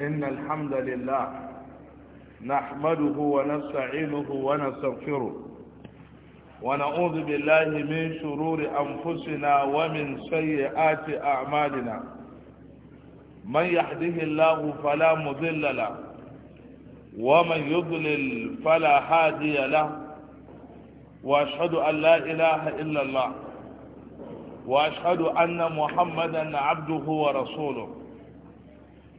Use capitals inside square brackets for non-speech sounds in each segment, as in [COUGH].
إن الحمد لله نحمده ونستعينه ونستغفره ونعوذ بالله من شرور أنفسنا ومن سيئات أعمالنا من يحده الله فلا مذل له ومن يضلل فلا هادي له وأشهد أن لا إله إلا الله وأشهد أن محمدا عبده ورسوله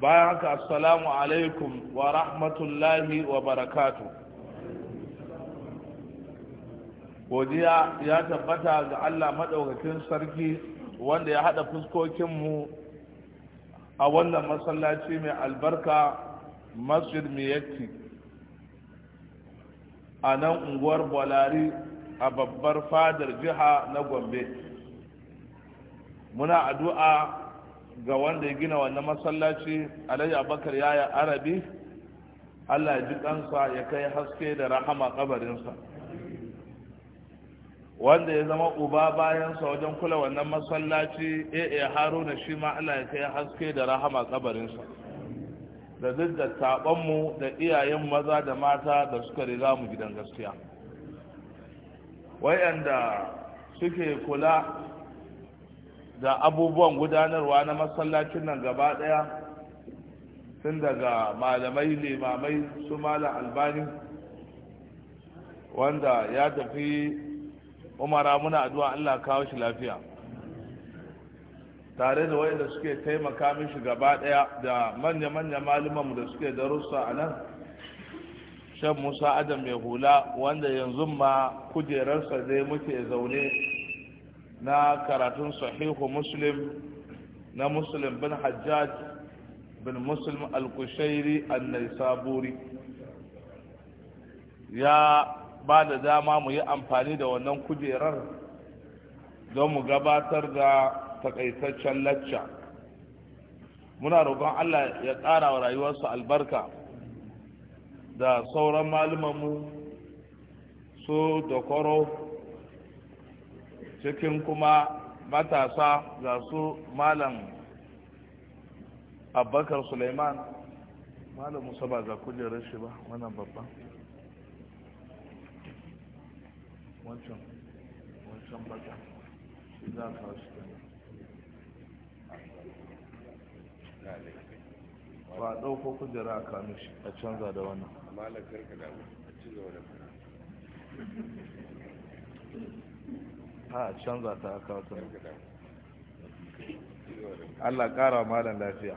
bayan haka assalamu alaikum wa rahmatullahi wa barakatu godiya ya tabbata ga allah maɗaukakin sarki wanda ya haɗa fuskokinmu a wannan masallaci mai albarka masjid miyatti a nan unguwar bolari a babbar fadar jiha na gombe muna addu'a ga wanda ya gina wannan masallaci alhaji abakar yi arabi allah ji kansa ya kai haske da rahama kabarinsa wanda ya zama uba bayansa wajen kula wannan masallaci aa haruna shi ma allah ya kai haske da rahama kabarinsa da duk da taɓonmu da iyayen maza da mata da suka riga mu gidan gaskiya wayanda suke kula da abubuwan gudanarwa na masallacin nan gaba daya tun daga malamai limamai su malam albani wanda ya tafi umara muna addu'a Allah kawo shi lafiya tare da wayanda suke taimaka mishi gaba ɗaya da manya-manya malumanmu da suke darussa a nan shan musa adam mai hula wanda yanzu ma kujerarsa zai muke zaune na karatun sahihu muslim na muslim bin hajjaj bin muslim al-kushairi an-naisaburi ya ba da dama mu yi amfani da wannan kujerar don mu gabatar da takaitaccen lacca muna roƙon allah ya ƙara wa rayuwarsu albarka da sauran malumanmu su da koro cikin kuma matasa ga su malam abbakar suleiman malam musa ba za ku kujerar shi ba wannan babba wancan wancan baka shi za ka shi ba ɗauko kujera a kanu shi a canza da wannan malam karka damu a cikin wani a canza ta a kawo Allah ƙara malam lafiya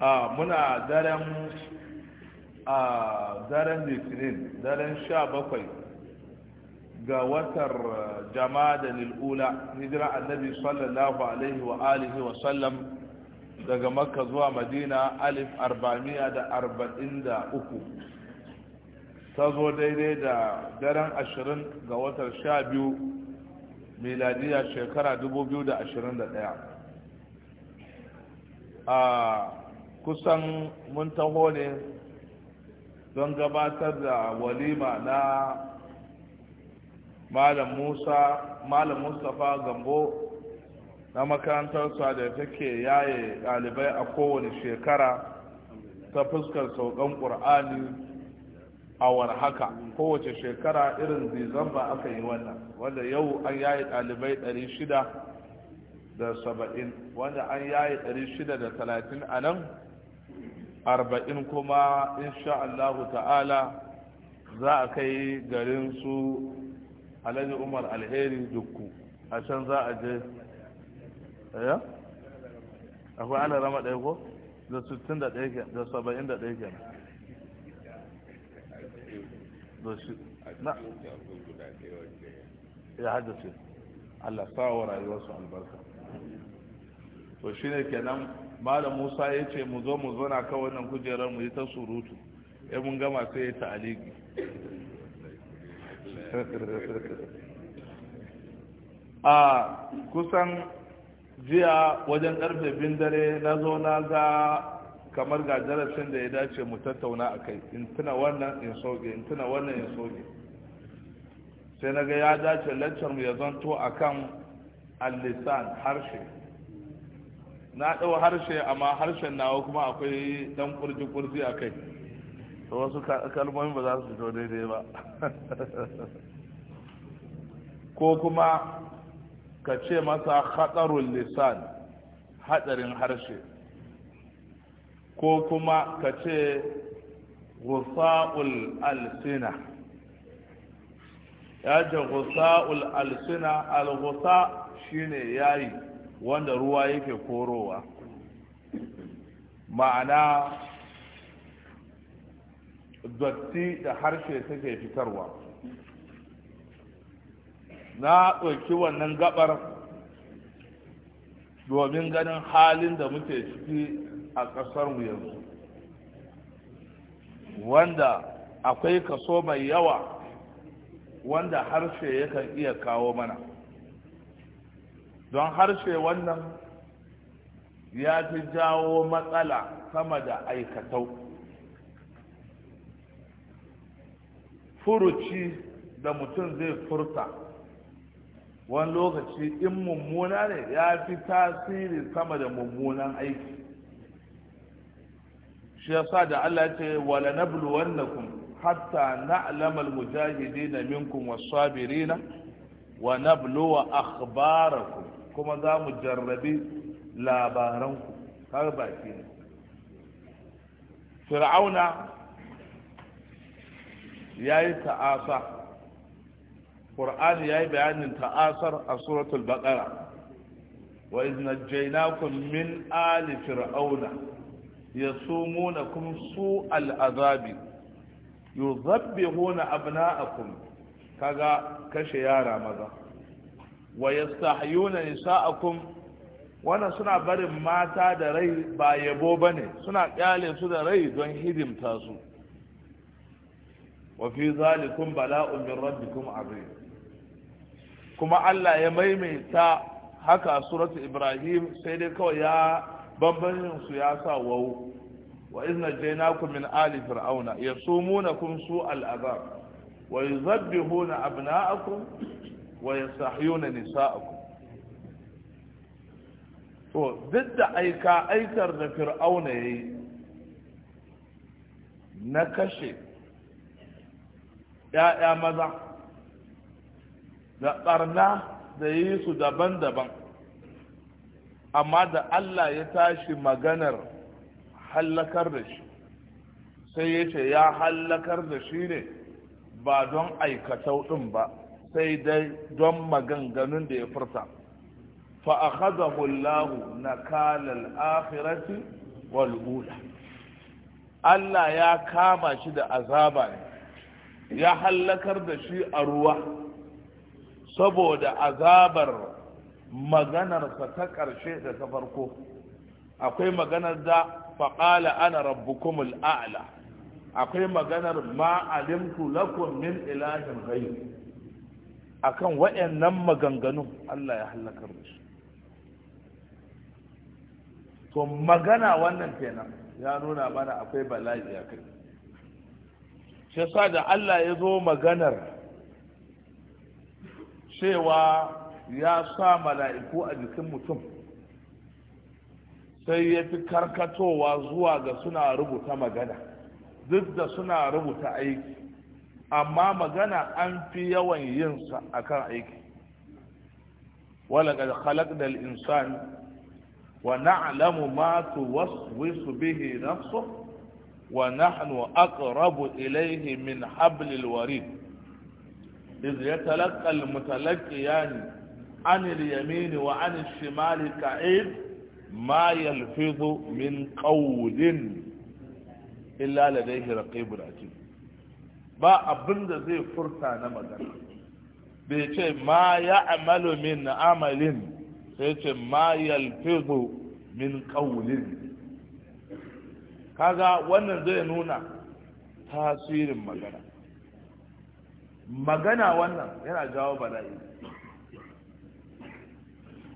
a muna daren a daren litinin daren sha bakwai ga watar eh, jama'a da lil'ula hijira annabi sallallahu alaihi wa alihi wa sallam daga makka zuwa madina alif arba'amiya da arba'in da uku ta zo daidai da daren ashirin ga watar sha biyu miladiya shekara dubu biyu da ashirin da daya a kusan mun taho ne don gabatar da walima na malam musa malam mustapha gambo na makarantarsa da take yaye ɗalibai a kowane shekara ta fuskar saukan ƙur'ani awar haka kowace shekara irin zizamba aka yi wannan wanda yau an yayi dalibai 670 wanda an yayi 630 a nan 40 kuma insha Allahu ta'ala za a kai garin su alhaji umar alheri dukku a can za a je ya? Eh? akwai ana rama ɗaya ko? da 61 da 71 kenan ya haddace Allah sawa rayuwarsu albarka to shi kenan malam musa ya ce mu zo mu zo na kawai nan kujerar mu yi ta surutu ya mun gama sai ya ta'aliki [LAUGHS] a kusan jiya wajen karfe bindare na zo na ga kamar ga darasin da ya dace mu tattauna a kai in tuna wannan in soge in tuna wannan in soge sai na ga ya dace laccar mu ya zanto a kan alisan harshe na ɗau harshe amma harshen nawa kuma akwai ɗan ƙurji ƙurji a kai da wasu kalmomi ba za su fito daidai ba [LAUGHS] ko kuma ka ce masa haɗarun lisan haɗarin harshe ko kuma ka ce gusa'ul alsina ya ce gusa'ul alsina al-gusa shine yayi wanda ruwa yake korowa ma'ana dotti da harshe take fitarwa na ɗauki wannan gaɓar domin ganin halin da muke ciki a ƙasarmu yanzu wanda akwai kaso mai yawa wanda harshe yakan iya kawo mana don harshe wannan ya fi jawo matsala sama da aikatau furuci da mutum zai furta wani lokaci in mummuna ne ya fi tasiri sama da mummunan aiki shi ya sa da Allah ya ce wala nablu wannakum hatta na'lama almujahidin minkum was-sabirin wa nabluwa akhbarakum kuma za mu jarrabi labaranku kaga baki ne fir'auna yayi ta'asa qur'ani yayi bayanin ta'asar a suratul baqara wa idh najaynakum min ali fir'auna yasumunakum su'al azabi yuzabbihuna abna'akum kaga kashe yara maza wa nisa nisa'akum wannan suna barin mata da rai ba yabo bane suna kyale su da rai don hidimta su wa fi zalikum bala'un min rabbikum azim kuma Allah ya maimaita haka suratu Ibrahim sai dai kawai ya bambancin su ya sa wawu wa izna ku min ali fir'auna yasumunakum su al'azab wa yuzabbihuna abna'akum wa yasahiyuna nisa'akum to duk da aika aikar da fir'auna yayi na kashe ya'ya maza da barna da yi su daban-daban amma da Allah ya tashi maganar hallakar da shi sai ya ce ya hallakar da shi ne ba don aikatau ɗin ba sai dai don maganganun da ya furta hulahu na kalal الآخرة والأولى Allah ya kama shi da azaba ne, ya hallakar da shi a ruwa, saboda azabar maganarsa ta ƙarshe da ta farko akwai maganar da faƙala ana rabbukumul a'la akwai maganar ma alimtu lakum min ilahin ghayr akan waɗannan maganganun Allah ya halakar da to magana wannan kenan ya nuna mana akwai bala'i a kai shi da Allah ya zo maganar cewa ya sa mala'iku a jikin mutum sai ya fi karkatowa zuwa ga suna rubuta magana duk da suna rubuta aiki amma magana an fi yawan yinsa a kan aiki walaƙar halakdal insani wa na'lamu ma tuwaswisu bihi nafsu wa nahnu aqrabu ilayhi min hablil warid idh yatalaqqa mutalaqqiyani عن اليمين وعن الشمال كعيد ما يلفظ من قول إلا لديه رقيب عتيد ba abin da zai furta na magana bai ce ma ya amalu min amalin sai ce ma yalfizu min qawlin kaga wannan zai nuna tasirin magana magana wannan yana jawo bala'i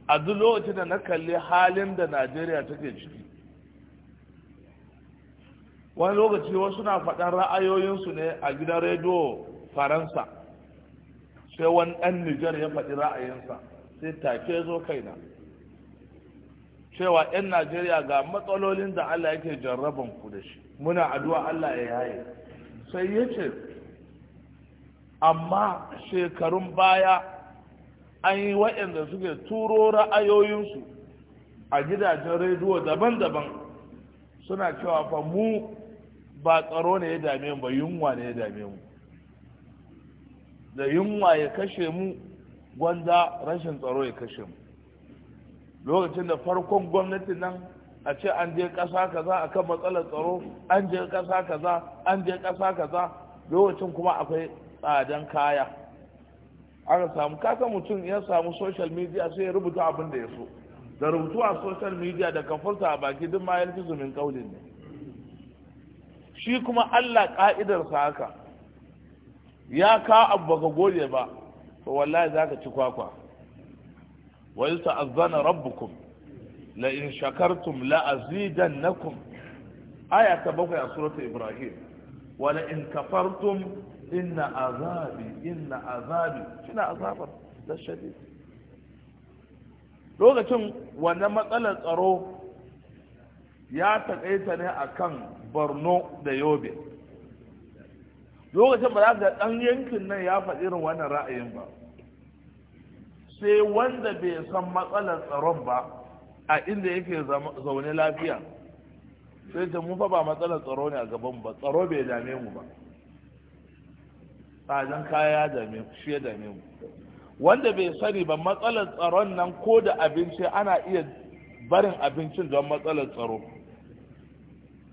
a duk lokacin da na kalli halin da najeriya take ciki wani lokaci wasu na faɗan ra'ayoyinsu ne a gidan rediyo faransa sai wani ɗan nijar ya faɗi ra'ayinsa sai take zo kaina cewa 'yan najeriya ga matsalolin da allah yake jarraban ku da shi muna addu'a allah ya yaye sai yace amma shekarun baya an yi waɗanda suke turo ra'ayoyinsu a gidajen rediyo daban-daban suna cewa fa mu ba tsaro ne ya dame mu ba yunwa ne ya dame mu da yunwa ya kashe mu gwanda rashin tsaro ya kashe mu lokacin da farkon gwamnati nan a ce an je ƙasa kaza kan matsalar tsaro an je ƙasa kaza an je ƙasa kaza lokacin kuma akwai tsadan kaya aka samu kasa mutum ya samu social media sai ya rubuta abin da ya so da rubutu a social media da kafarta a baki duk ma yanki zumin kaulin ne shi kuma Allah ka'idarsa haka ya ka abu baka gode ba to wallahi za ka ci kwakwa wa azana rabbukum la in shakartum la azidannakum aya ta bakwai a surata ibrahim wa la in kafartum inna azabi inna azabi shine azabar da shadid lokacin wannan matsalar tsaro ya taƙaita ne a kan borno da yobe lokacin ba za ka ɗan yankin nan ya faɗi irin wannan ra'ayin ba sai wanda bai san matsalar tsaron ba a inda yake zaune lafiya sai ta mu fa ba matsalar tsaro ne a gaban ba tsaro bai dame mu ba tsadan kaya dame shi ya dame mu wanda bai sani ba matsalar tsaron nan ko da abinci ana iya barin abincin don matsalar tsaro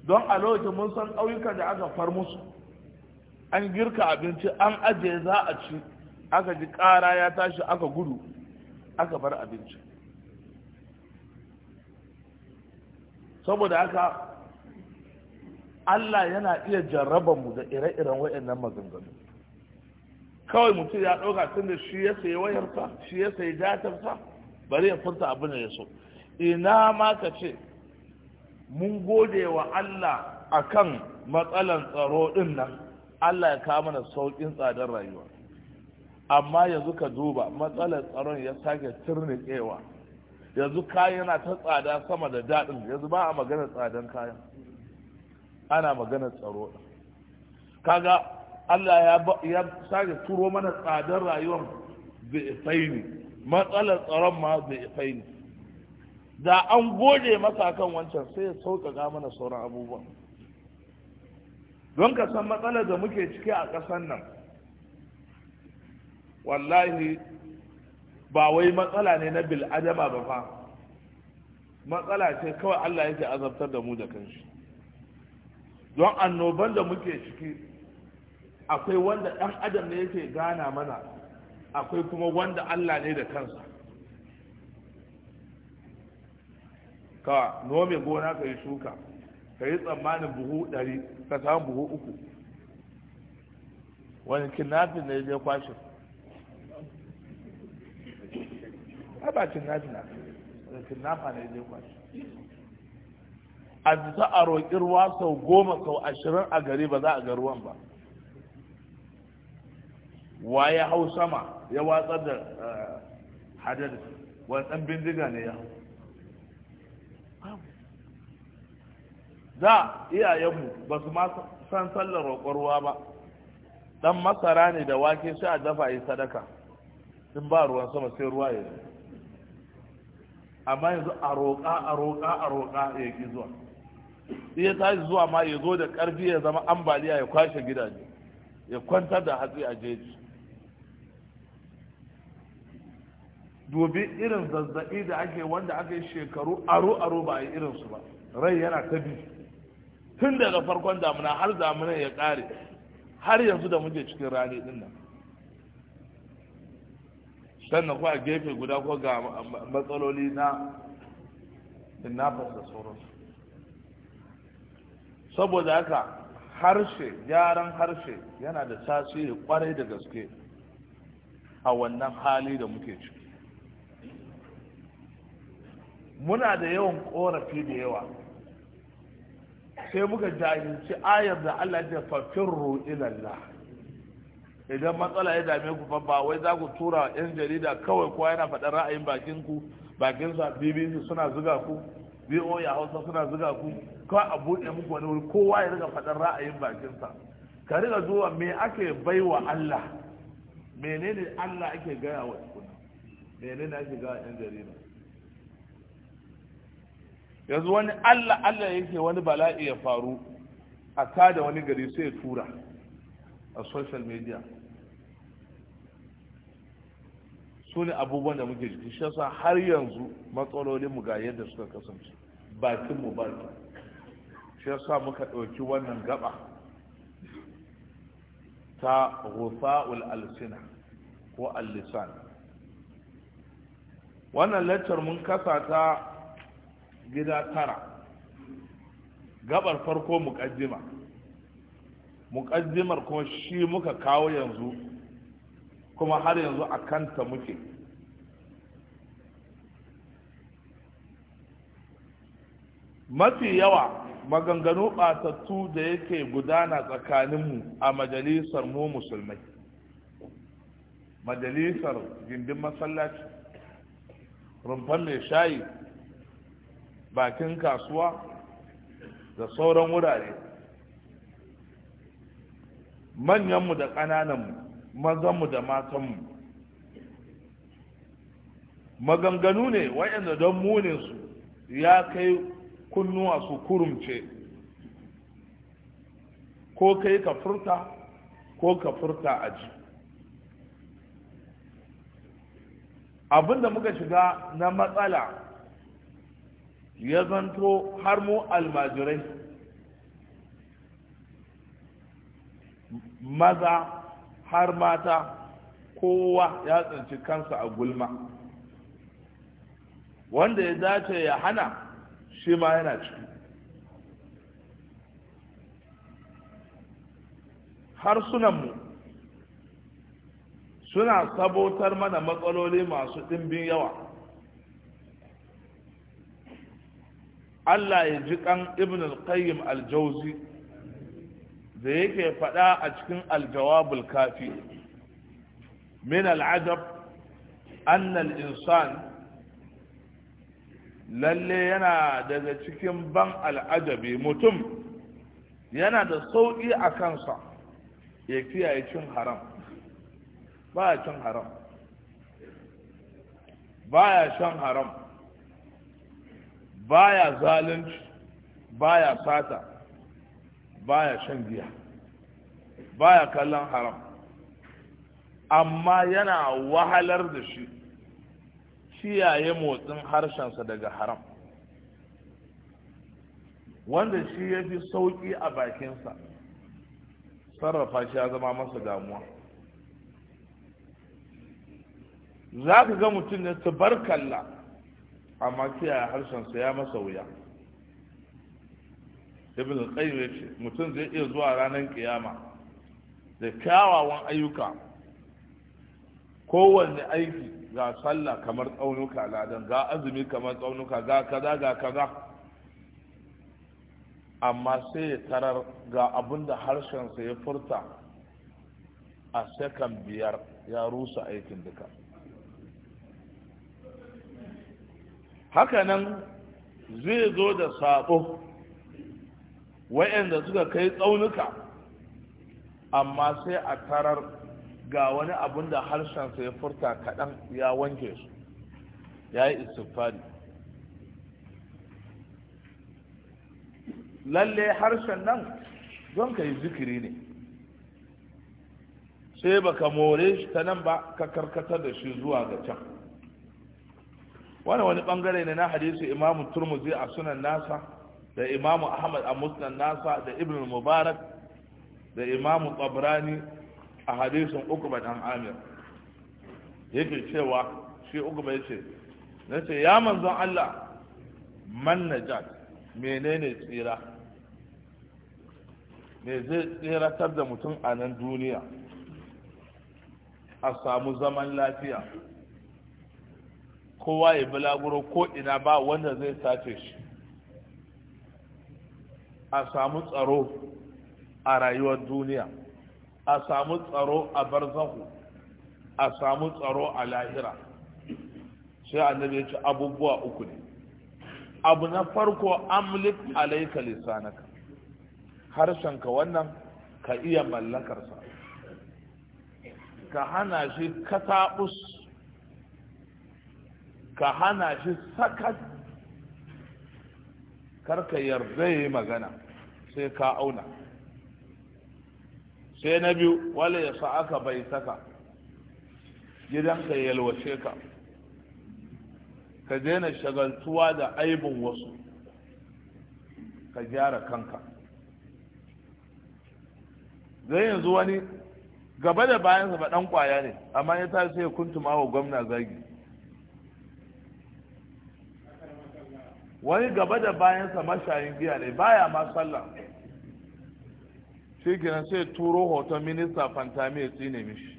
don a lokacin mun san ƙauyukan da aka far musu an girka abinci an ajiye za a ci aka ji ƙara ya tashi aka gudu aka bar abinci saboda haka Allah yana iya mu da ire-iren waɗannan maganganu kawai mutum ya ɗauka tun da shi ya sayi wayarsa shi ya sayi datarsa bari ya furta abin da ya so ina ma ka ce mun gode wa Allah akan matsalan tsaro din nan Allah ya kawo mana saukin tsadar rayuwa amma yanzu ka duba matsalar tsaron ya sake turnikewa yanzu kayan yana ta tsada sama da daɗin yanzu ba a magana tsadan kayan ana magana tsaro kaga Allah ya sake turo mana tsadar rayuwar bi ne matsalar tsaron ma bi ne da an goje masa kan wancan sai ya sauƙaƙa mana sauran abubuwan don ka san matsalar da muke ciki a ƙasar nan wallahi ba wai matsala ne na bil'adama ba fa matsala ce kawai Allah yake azabtar da mu da kanshi don annoban da muke ciki akwai wanda ɗan adam ne yake gana mana akwai kuma wanda Allah ne da kansa ka nome gona ka yi shuka ka yi tsammanin buhu ɗari ka samu buhu uku wani kinnafin ne zai kwashe ba kinnafin na kinnafa ne zai kwashe a ta a roƙi ruwa sau goma sau ashirin a gari ba za a ga ruwan ba wa ya hau sama ya watsar da eh, hadar watsan bindiga ne ya hau da iyayenmu ba su ma san sallar roƙon ruwa ba dan masara ne da wake sai a dafa yi sadaka in ba ruwan sama sai ruwa ya yi amma yanzu a roƙa a roƙa a roƙa ya ƙi zuwa iya ta zuwa ma ya zo da ƙarfi ya zama ambaliya ya kwashe gidaje ya kwantar da hatsi a jeji dubi irin zazzabi da ake wanda aka yi shekaru aro aro ba a yi irinsu ba rai yana ta bi tun daga farkon damuna har damuna ya kare har yanzu da muke cikin rani din nan sannan ko a gefe guda ko ga matsaloli na innafas da sauransu saboda haka harshe gyaran harshe yana da tasiri kwarai da gaske a wannan hali da muke ciki muna da yawan korafi da yawa sai muka jahilci ayar da Allah ya fafirru ilallah idan matsala ya dame ku ba wai za ku tura yan jarida kawai kuwa yana faɗin ra'ayin bakin ku bakin sa BBC suna zuga ku BO ya Hausa suna zuga ku kawai a buɗe muku wani wuri kowa ya riga faɗin ra'ayin bakin sa ka riga zuwa me ake baiwa Allah menene Allah ake gaya wa tukuna menene ake gaya yan jarida yanzu wani allah allah yake wani bala'i ya faru a tada wani gari sai ya tura a social media su ne abubuwan da muke jiki shi yasa har yanzu matsalolin mu ga yadda suka kasance bakin mu baki shi yasa muka ɗauki wannan gaba ta rufa'ul alsina ko al-lisan wannan lecture mun kasa ta gida tara gabar farko mukaddima muƙaddimar kuma shi muka kawo yanzu kuma har yanzu a kanta muke mafi yawa maganganu ɓatattu da yake gudana tsakaninmu a majalisar mu musulmai majalisar gindin masallaci rumfan mai shayi bakin kasuwa da sauran wurare manyanmu da ƙanananmu mazanmu da matanmu maganganu ne waɗanda don muninsu ya kai kunnuwa su kurumce ko kai ka furta ko ka furta a ji abinda muka shiga na matsala ya zanto har mu almajirai maza har mata kowa ya tsinci kansa a gulma wanda ya dace ya hana shi ma yana ciki harsunanmu suna sabotar mana matsaloli masu ɗimbin yawa Allah ya ji kan ibn al-qayyim al-jawzi da yake faɗa a cikin al kafi min al-ajab anna al-insan lalle yana daga cikin ban al'ajabi mutum yana da sauƙi a kansa ya kiyaye cin haram ba cin haram ba shan haram baya zalunci baya sata baya shan giya baya kallon haram amma yana wahalar da shi kiyaye motsin harshensa daga haram wanda shi ya fi sauƙi a bakinsa sarrafa shi ya zama masa damuwa za ka ga mutum ne kalla. amma kiyaye sa ya masa wuya ibn al-qayyim yace mutum zai iya zuwa ranar kiyama da kyawawan ayyuka kowanne aiki ga sallah kamar tsaunuka ladan ga azumi kamar tsaunuka ga kaza ga kaza amma sai ya tarar ga abin da harshensa ya furta a sakan biyar ya rusa aikin duka hakanan zai zo da sabo wayanda suka kai tsaunuka amma sai a tarar ga wani abun da harshen harshensa ya furta kaɗan ya wanke su ya yi istifari lalle harshen nan don ka yi zikiri ne sai baka more shi ta nan ba ka karkatar da shi zuwa ga can wani wani bangare ne na hadisi imamu turmuzi a sunan nasa da imamu ahmad a musnan nasa da ibn mubarak da imamu tsabrani a hadisin ukuba dan amir yake cewa shi ukuba ya ce na ce ya manzon allah man najat menene tsira me zai tseratar da mutum a nan duniya a samu zaman lafiya kowa ya bulaguro ko ina ba wanda zai sace shi a samu tsaro a rayuwar duniya a samu tsaro a barzahu a samu tsaro a lahira sai annabi ya ce abubuwa uku ne abu na farko amlik alaika lisanaka harshenka wannan ka iya mallakarsa ka hana shi kataɓus ka hana shi sakat karka yarda yi magana sai ka auna sai na biyu wale ya sa'aka bai saka gidanka ya yalwace ka ka daina shagaltuwa da aibin wasu ka gyara kanka zai yanzu wani gaba da bayansa ba ɗan kwaya ne amma ya tashi sai ya kuntuma wa gwamna zagi wani gaba da bayansa mashayin giya ne baya ma sallah shi kenan sai turo hoton minista fantami ya tsine mishi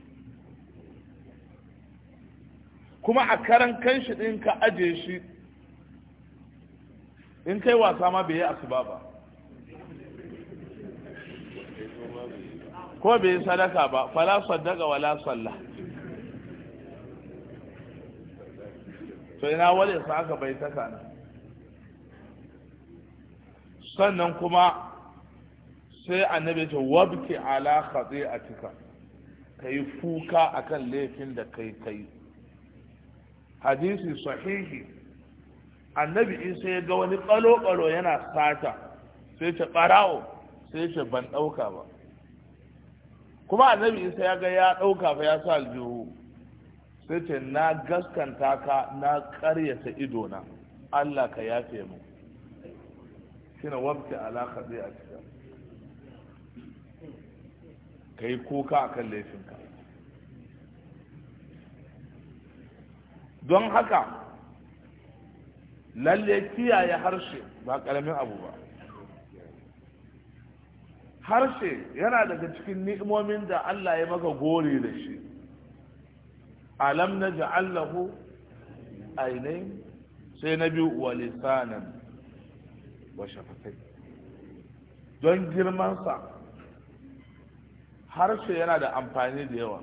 kuma a karan kanshi ɗin ka aje shi in kai wasa ma bai yi asuba ba ko bai yi sadaka ba fala sadaka wala sallah to ina wale sa aka bai ta kana sannan kuma sai annabi ce wabki ala ka yi fuka akan laifin da kai kai hadisi sahihi annabi isa ya ga wani kalo-kalo yana sata sai ce ƙara'o sai ce ban ɗauka ba kuma annabi isa ya ga ya ɗauka ba ya sa aljihu sai ce na gaskanta ka na ƙaryata idona allah ka yafe mu shine a cikin ka yi kuka a kan laifinka don haka lalle kiyaye harshe ba karamin abu ba harshe yana daga cikin ni'imomin da Allah ya maka gori da shi alam na ja'allahu ainihin sai na biyu wa lisanan wa shafatai don girmansa harshe yana da amfani da yawa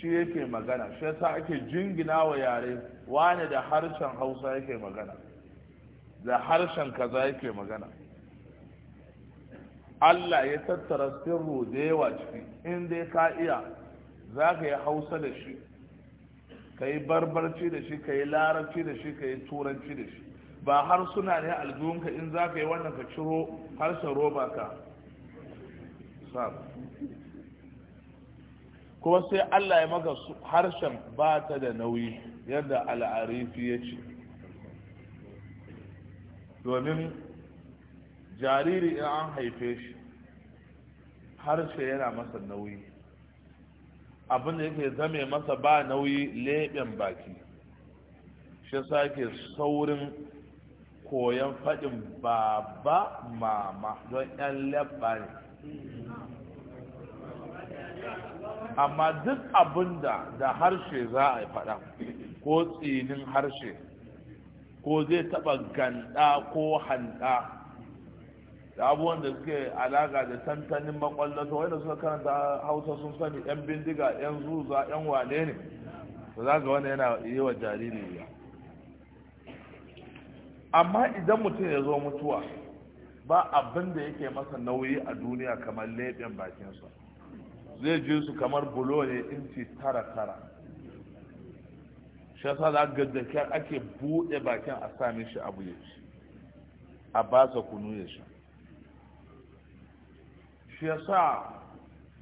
shi yake magana shi yasa ake jingina wa yare wane da harshen hausa yake magana da harshen kaza yake magana Allah ya tattara sirru da yawa ciki in dai ka iya za ka yi hausa da shi ka yi barbarci da shi ka yi larabci da shi ka yi turanci da shi ba harsuna ne aljuhunka in za ka yi wannan ka ciro harshen roba ka kuma sai allah ya maka harshen ba ta da nauyi yadda al'arifi ya ce domin jariri in an haife shi harshe yana masa nauyi abinda yake zame masa ba nauyi leɓen baki shi yasa ke saurin koyon faɗin baba mama don ‘yan labba ne amma duk abinda da harshe za a yi faɗa ko tsinin harshe ko zai taɓa ganda ko handa da abubuwan da suke alaƙa da tantanin makwallata wanda suka karanta hausa sun sani yan bindiga yan zuza yan wane ne za ga wani yana yi wa jariri ba. amma idan mutum ya zo mutuwa ba abin da yake masa nauyi a duniya kamar leɓen bakinsa zai ji su kamar bulo ne inci tara tara shi yasa za ga ake buɗe bakin a sami shi abu ya ci a ba sa kunu ya sha shi yasa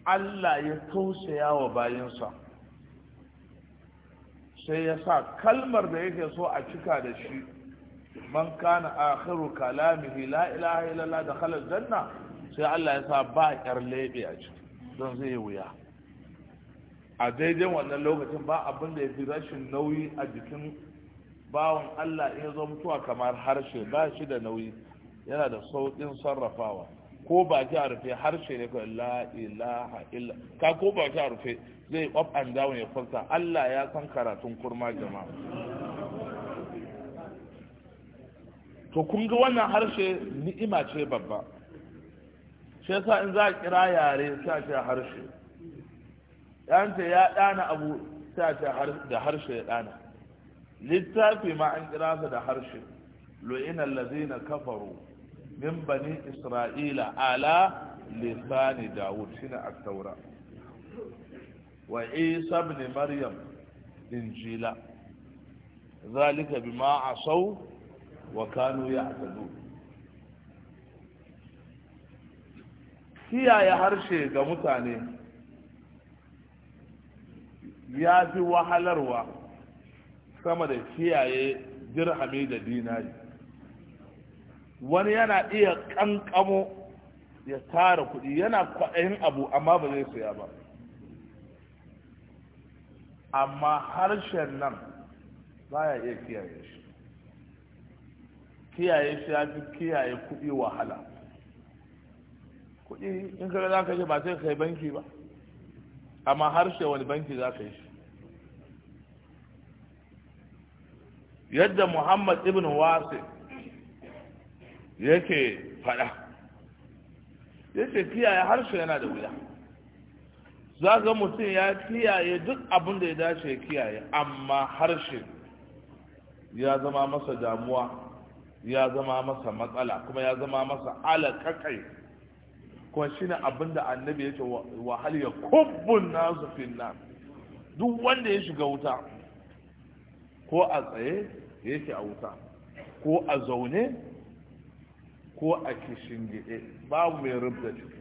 Allah ya tausaya wa bayansa sai ya sa kalmar da yake so a cika da shi man kana akhiru kalamihi la ilaha illallah da khalal janna sai Allah ya sa ba kyar lebe a ciki don zai wuya a daidai wannan lokacin ba abin da ya fi rashin nauyi a jikin bawan Allah in ya zo mutuwa kamar harshe ba shi da nauyi yana da sauƙin sarrafawa ko baki a rufe harshe ne kawai la ilaha illa ka ko baki a rufe zai up and down ya furta Allah ya san karatun kurma jama'a to kun ga wannan harshe ni'ima ce babba shi yasa in za a kira yare sai ce harshe yanta ya ɗana abu sai ce da harshe ya ɗana littafi ma an kira sa da harshe lu'ina lazina kafaru min bani isra'ila ala lisani dawud shine a taura wa isa ibn maryam injila zalika bima asaw wa kanu ya kiyaye harshe ga mutane ya fi wahalarwa sama da kiyaye dirhami da dinari wani yana iya kankamo ya tara kuɗi yana kwaɗayin abu amma ba zai saya ba amma harshen nan baya iya kiyaye shi kiyaye shi ya fi kiyaye kuɗi wahala kuɗi in kaga za ka yi ba sai kai banki ba amma harshe wani banki za ka yi shi yadda muhammad ibn wasi yake faɗa yake kiyaye harshe yana da wuya za ga mutum ya kiyaye duk abin da ya dace ya kiyaye amma harshe ya zama masa damuwa ya zama masa matsala kuma ya zama masa alaƙaƙai kuma shi ne abin annabi ya ce wahal ya kubbun nasu finna duk wanda ya shiga wuta ko a tsaye ya ke a wuta ko a zaune ko a kishin gide babu mai rubda ciki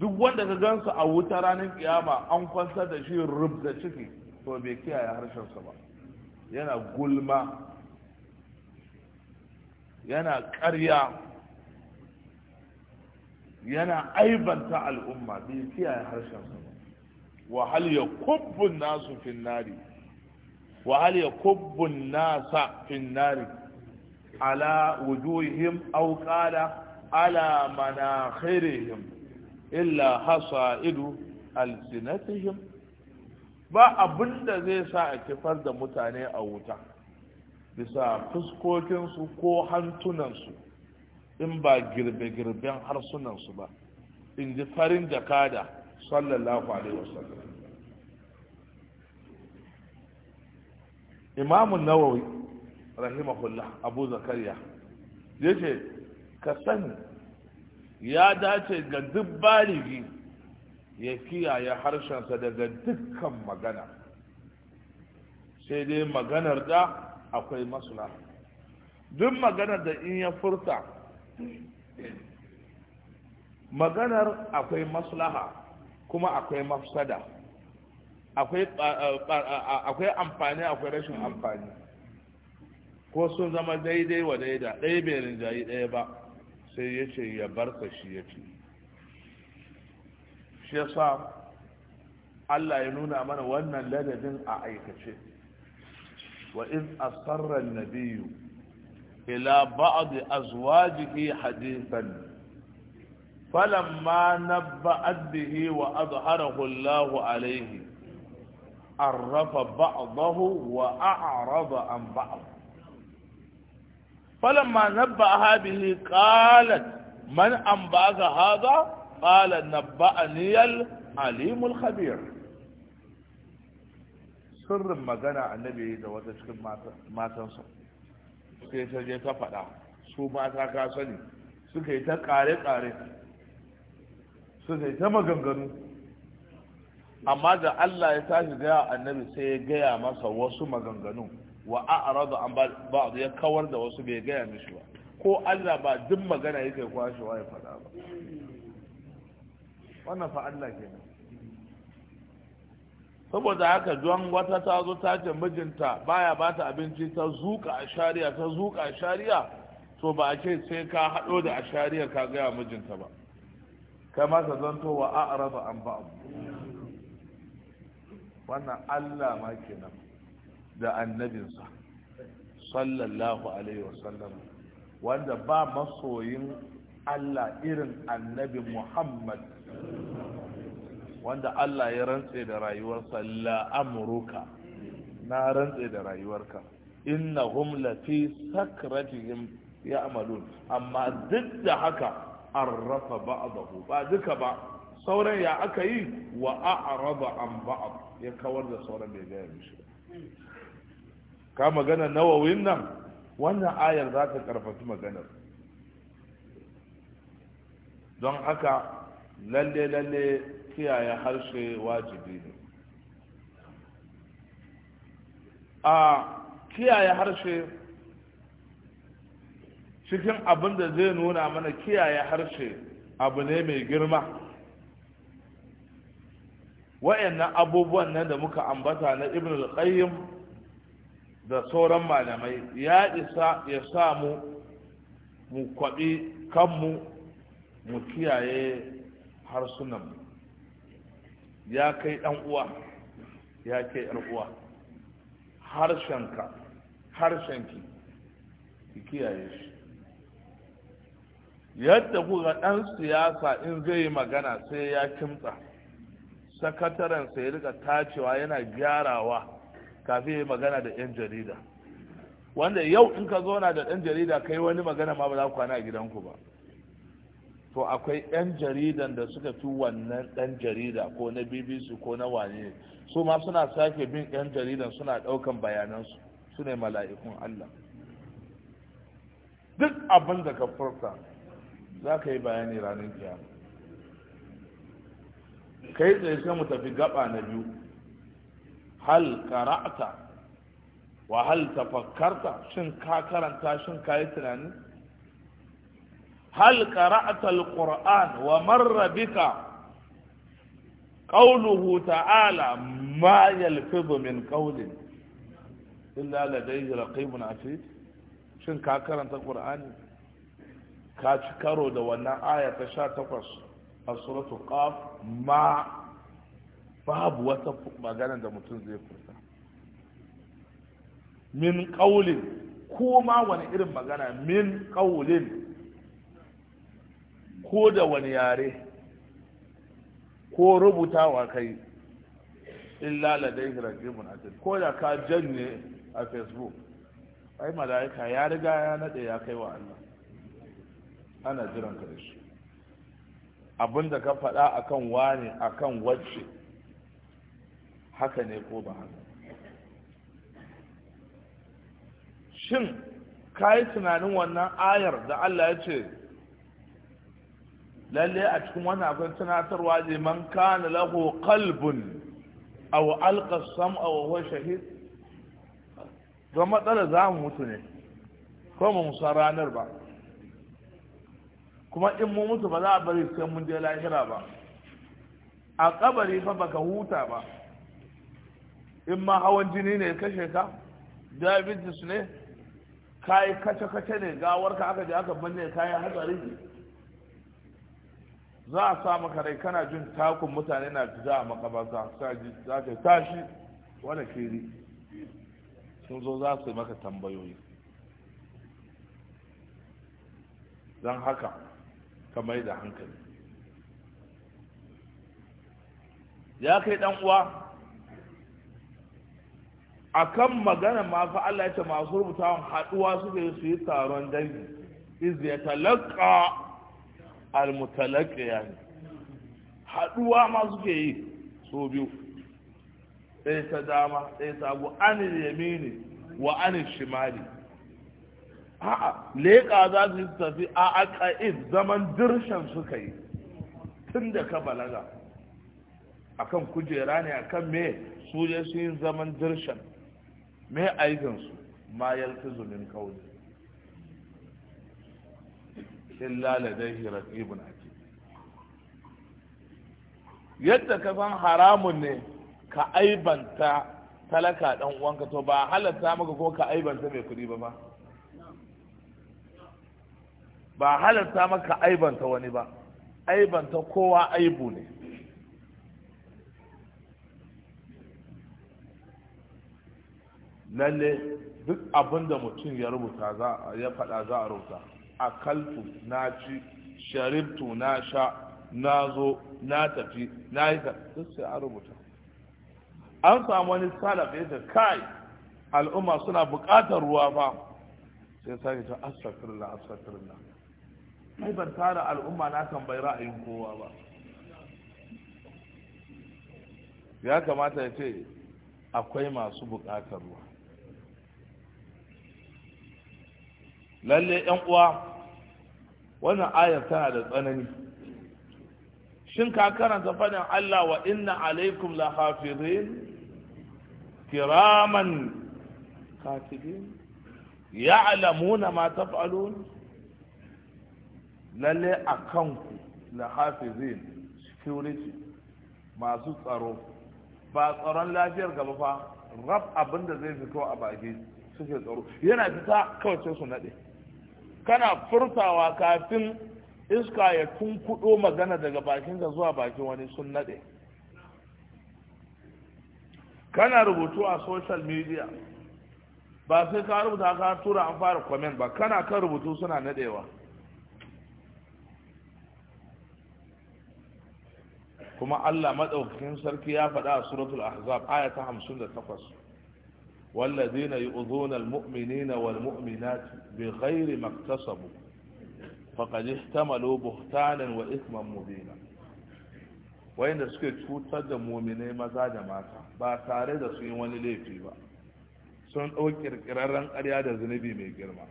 duk wanda ka gansu a wuta ranar kiyama an kwanta da shi rubda ciki to bai kiyaye harshensa ba yana gulma yana ƙarya yana aibanta al'umma bai kiyaye harshen sa ba wa hal yakubbu nasu fin nari wa hal yakubbu nasa fin nari ala wujuhihim aw qala ala manakhirihim illa hasaidu alsinatihim ba abinda zai sa a kifar da mutane a wuta bisa fuskokinsu ko hantunansu in ba girbe-girben harsunansu ba in ji farin jakada sallallahu alaihi wasallam imamun nawawi rahimahullah abu zakariya ya ce ka sani ya dace ga duk baligi ya kiyaye harshensa daga dukkan magana sai dai maganar da akwai maslaha duk maganar da in ya furta maganar akwai maslaha kuma akwai mafsada akwai amfani akwai rashin amfani ko sun zama daidai wa daida ɗaya bai rinjayi ɗaya ba sai ya ce ya barka shi ya ce shi ya sa Allah ya nuna mana wannan ladabin a aikace وإذ أصر النبي إلى بعض أزواجه حديثا فلما نبأت به وأظهره الله عليه عرف بعضه وأعرض عن بعض فلما نبأها به قالت من أنبأك هذا قال نبأني العليم الخبير sirrin magana annabi da wata cikin matansa sai ta je ta faɗa su mata ka sani suka yi ta ƙare-ƙare suka yi ta maganganu amma da Allah ya tashi gaya annabi sai ya gaya masa wasu maganganu wa a'rada an ba ya kawar da wasu bai gaya mishi ba ko Allah ba duk magana yake kwashewa ya faɗa ba wannan fa Allah kenan saboda haka don wata ta zo ta ce mijinta baya ba ta abinci ta zuka a shari'a ta zuka a shari'a to ba a ce sai ka haɗo da a shari'a ka gaya mijinta ba kama ta zanto wa a araba an ba wannan allah ma kenan da annabinsa sallallahu alaihi wasallam wanda ba masoyin allah irin annabi muhammad wanda Allah ya rantse da rayuwarsa la'amuruka na rantse da rayuwarka innahum lafi sakratihim ya'malun amma duk da haka arrafa ba'dahu ba duka ba sauran ya aka yi wa a'rada an ba'd ya kawar da sauran bai ga mishi ka magana nawawin nan wannan ayar za ta karfafi maganar don haka lalle lalle kiyaye harshe wajibi ne a kiyaye harshe cikin abin da zai nuna mana kiyaye harshe abu ne mai girma wa'annan abubuwan nan da muka ambata na ibn al da sauran malamai ya isa ya samu mu kwaɓi kanmu mu kiyaye harsunanmu ya kai ɗan uwa ya kai ɗan uwa harshenka harshenki ki kiyaye shi yadda kuka ɗan siyasa in zai yi magana sai ya kimtsa sakatarensa ya rika tacewa yana gyarawa kafin ya yi magana da 'yan jarida wanda yau in ka zauna da ɗan jarida kai wani magana ma ba za ku kwana a gidanku ba to akwai 'yan jaridan da suka fi wannan ɗan jarida ko na bbc ko na wane su ma suna sake bin 'yan jaridan suna ɗaukan bayanansu su ne mala'ikun allah duk abin da ka furta za ka yi bayani ranar kiyama kai tsaye sai mu tafi gaba na biyu hal kara'ata wa hal tafakkarta shin ka karanta shin ka yi tunani hal qara'ta alquran wa marra bika qawluhu ta'ala ma yalfidu min qawlin illa ladayhi raqibun atid shin ka karanta qur'ani ka ci karo da wannan aya ta takwas a suratul qaf ma babu wata magana da mutum zai fita. min ƙaulin ko ma wani irin magana min ƙaulin ko da wani yare ko rubuta wa kai illa ladaihi raqibun atid ko da ka janye a facebook ai malaika ya riga ya nade ya kai wa Allah ana jiran ka da shi abinda ka faɗa akan wani akan wacce haka ne ko ba haka shin ka yi tunanin wannan ayar da Allah ya ce lalle a cikin wannan akwai tunatarwa ne man kana lahu qalbun aw alqa sam'a wa huwa shahid don matsala za mu mutu ne ko mu musa ranar ba kuma in mu mutu ba za a bari sai mun je lahira ba a kabari fa baka huta ba in ma hawan jini ne kashe ka diabetes ne kai kace-kace ne gawar ka aka je aka binne kayi hatsari za a sa maka rai kana jin takun mutane na za a makabarta za ka tashi wani kiri sun zo za su maka tambayoyi don haka ka mai da hankali ya kai dan uwa a kan magana mafi Allah ya ce masu rubutawan haɗuwa suka yi su yi taron dangi iz ya talaka ya ne Haɗuwa ma suke yi so biyu ɗaya ta dama ɗaya ta abu anil yamini wa anil shimali a'a leƙa za su yi tafi a aƙa'id zaman dirshan suka yi tun da ka balaga akan kujera ne akan me su je su yi zaman dirshan me aikinsu ma yalta zumin kawai illa ladaihi raqibun atid yadda ka san haramun ne ka aibanta talaka dan uwanka to ba halatta maka ko ka aibanta mai kuɗi ba ba ba halatta maka aibanta wani ba aibanta kowa aibu ne lalle duk abinda mutum ya rubuta ya faɗa za a rubuta akaltu na ci sharibtu na sha na zo na tafi na yi ta duk sai an rubuta an samu wani salaf ya ce kai al'umma suna buƙatar ruwa fa sai sake ta astagfirullah astagfirullah mai ban tara al'umma na tambayi ra'ayin kowa ba ya kamata ya ce akwai masu buƙatar ruwa lalle yan uwa wannan ayar tana da tsanani shin ka karanta fadin Allah wa inna alaikum la hafizin kiraman katibin ya'lamuna ma taf'alun lalle akan ku la hafizin security masu tsaro ba tsaron lafiyar gaba fa rab abinda zai fito a baki suke tsaro yana fita kawai sai su naɗe kana furtawa kafin iska ya tunkuɗo magana daga bakinka zuwa bakin wani sun naɗe kana rubutu a social media ba sai ka rubuta ka tura an fara comment ba kana kan rubutu suna naɗewa kuma Allah maɗaukakin sarki ya faɗa a suratul ahzab aya ta 58 والذين يؤذون المؤمنين والمؤمنات بغير ما اكتسبوا فقد احتملوا بهتانا وإثما مبينا wayanda suke cutar da muminai maza da mata ba tare da sun yi wani laifi ba sun ɗau ƙirƙirarren ƙarya da zunubi mai girma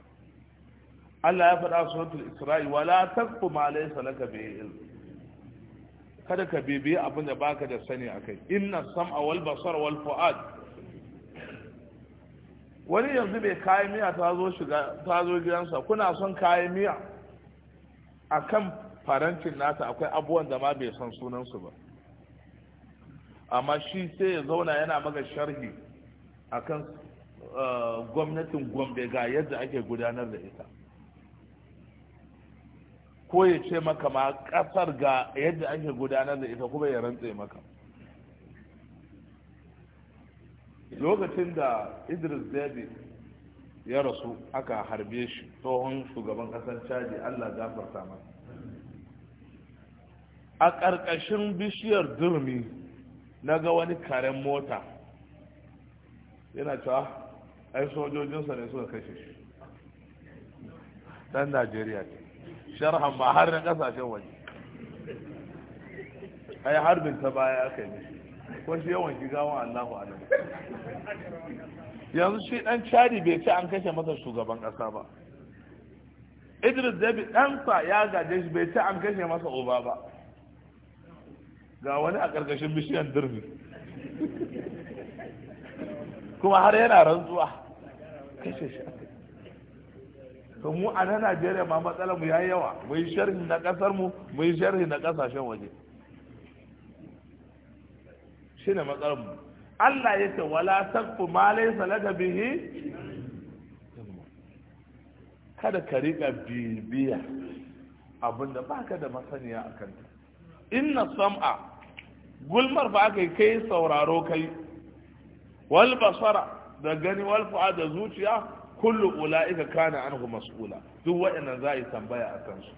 Allah ya faɗa suratul Isra'i wala taqfu ma laysa laka kada ka bibiyi abin da baka da sani akai inna sam'a wal basar wal fu'ad wani yanzu mai kayan miya ta zo shiga ta zo gidansa kuna son kayan miya a kan farancin nasa akwai abubuwan da ma bai san sunansu ba amma shi sai ya zauna yana maka sharhi a kan eh, gwamnatin gombe ga yadda ake gudanar da ita ko ya ce maka ma kasar ga yadda ake gudanar da ita kuma ya rantse maka lokacin da idris dadi ya rasu aka harbe shi tsohon shugaban kasar caji allah gafarta masa a ƙarƙashin bishiyar durmi na ga wani karen mota yana cewa ai sojojinsa ne suka kashe shi Dan najeriya ce sharhan ba har na ƙasashen waje ai harbin ta baya aka yi ko shi yawan shiga wa Allahu alam yanzu shi dan Chadi bai ce an kashe masa shugaban kasa ba Idris Dabi ɗansa ya gaje shi bai ce an kashe masa Oba ba ga wani a ƙarƙashin bishiyar dirbi kuma har yana rantsuwa kashe shi to mu a na Najeriya ma matsalar mu yayi yawa mu yi sharhi na kasar mu mu yi sharhi na kasashen waje shine matsalar mu Allah ya ce wala taqfu ma laysa laka bihi kada ka riga bibiya abinda baka da masaniya akan ta inna sam'a gulmar ba aka kai sauraro kai wal basara da gani wal fu'ada zuciya kullu ula'ika kana anhu mas'ula duk waɗannan za a yi tambaya a su.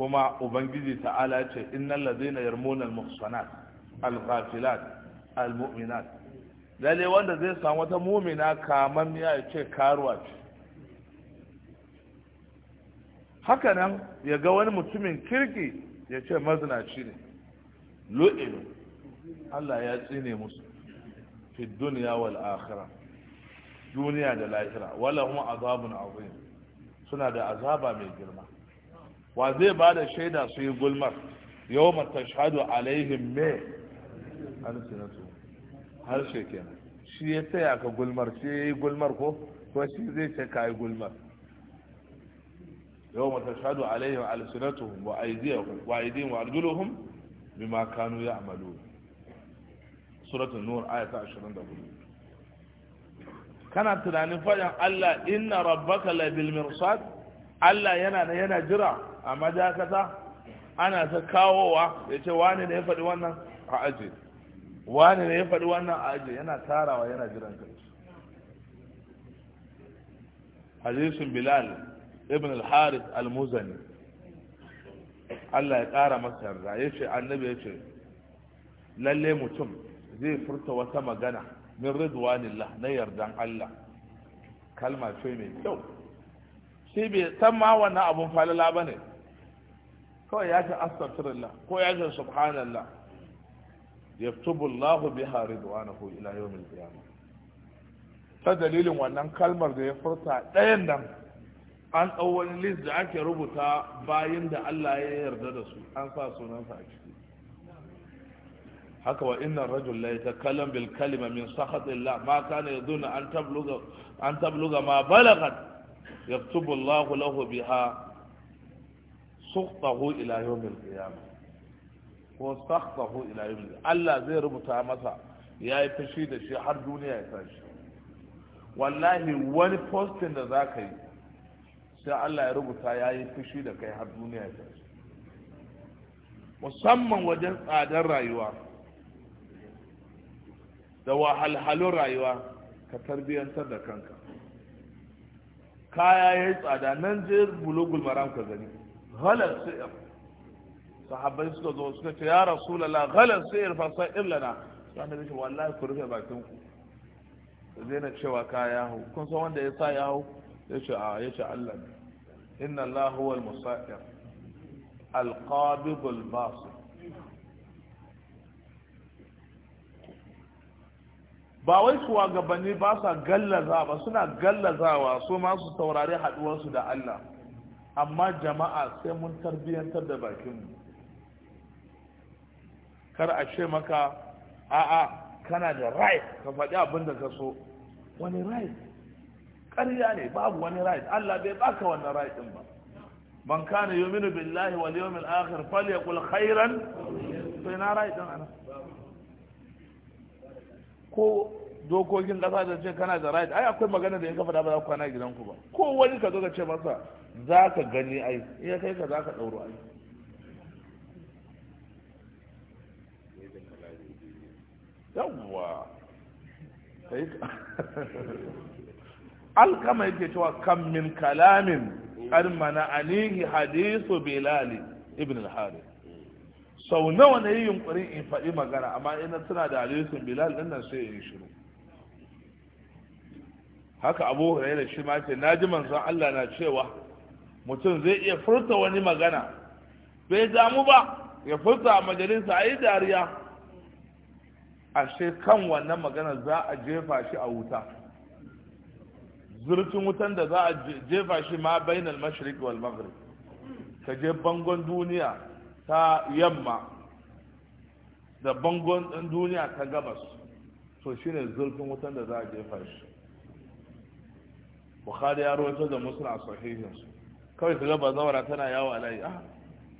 kuma ubangiji ta'ala ce innal ladina yarmuna al-muhsanat al-ghafilat al-mu'minat lalle wanda zai samu wata mu'mina kaman ya ce karuwa ce haka nan ya ga wani mutumin kirki ya ce shi ne lu'inu Allah ya tsine musu fi duniya wal akhirah duniya da lahira wala hum azabun azim suna da azaba mai girma وزي بعد الشيء ده سيقول مر يوم تشهد عليهم ما هل سنتو هل شيء كنا شيء تياك قول مر شيء يقول مر هو وشيء زي تكا يقول مر يوم تشهد عليهم على سنتهم وأيديهم وأيديهم وأرجلهم بما كانوا يعملون سورة النور آية 20 كان كانت أن يفجع ألا إن ربك لبالمرصاد ألا ينا ينا جرع a majakata ana ta kawowa ya ce wani ne ya faɗi wannan a aji. wani ne ya faɗi wannan a aji yana tarawa yana jiran kai hadisun bilal ibn al-harith al-muzani Allah ya ƙara masa yarda ya ce annabi ya ce lalle mutum zai furta wata magana min ridwanillah na yardan Allah kalma ce mai kyau shi bai san ma wannan abun falala ba ne kawai ya ce astaghfirullah ko ya ce subhanallah yaktubu Allahu biha ridwanahu ila yawmil qiyamah ta dalilin wannan kalmar da ya furta ɗayan nan an ɗau wani list da ake rubuta bayan da Allah ya yarda da su an sa sunansa a ciki haka wa inna rajul la yatakallam bil kalima min sakhatillah ma kana yaduna an tabluga an tabluga ma balagat yaktubu Allahu lahu biha suqtahu ila yawmil qiyamah ko sakhtahu ila yawmil Allah zai rubuta masa yayi fashi da shi har duniya ya tashi wallahi wani posting da zaka yi sai Allah ya rubuta yayi fashi da kai har duniya ya tashi musamman wajen tsadar rayuwa da wahalhalun rayuwa ka tarbiyyantar da kanka kaya ya yi tsada nan je bulugul maram ka gani ghalar si'ir sahabbai suka zo suka ce ya rasulullah ghalar si'ir fa sa'ir lana sai annabi ce wallahi ku rufe bakin ku ku daina cewa ka kun san wanda ya sa yahu ya ce Allah inna Allah al-musa'ir al ba wai shugabanni ba sa gallaza suna gallazawa su masu taurari haduwarsu da Allah amma jama'a sai mun tarbiyyantar da bakinmu kar a ce maka a'a kana da right ka faɗi abin da ka so wani right ƙarya ne babu wani right Allah bai baka wannan right din ba man kana yuminu billahi wal yawmil akhir falyaqul khairan sai na right din ana ko dokokin kasa da ce kana da right ai akwai magana da in ka faɗa ba za ku kwana ku ba ko wani ka zo ka ce masa za ka gani ai iya kai ka za ka ɗauro ai yawwa [LAUGHS] alkama yake cewa kan min kalamin almana mana hadisu bilali ibn al-harith sau nawa na yi yunkurin in faɗi magana amma ina suna da hadisin bilal ɗin nan sai in shiru haka abu hurairah shi ma ce na ji manzon Allah na cewa mutum zai iya furta wani magana bai damu ba ya furta a majalisa a yi dariya ashe kan wannan magana za a jefa shi a wuta zurfin wutan da za a jefa shi ma bainal mashirik wal maghrib ka je bangon duniya ta yamma da bangon duniya ta gabas to ne zurfin wutan da za a jefa shi bukhari ya rawaito da musulun a sahihinsu kawai su gaba zawara tana yawo a layi a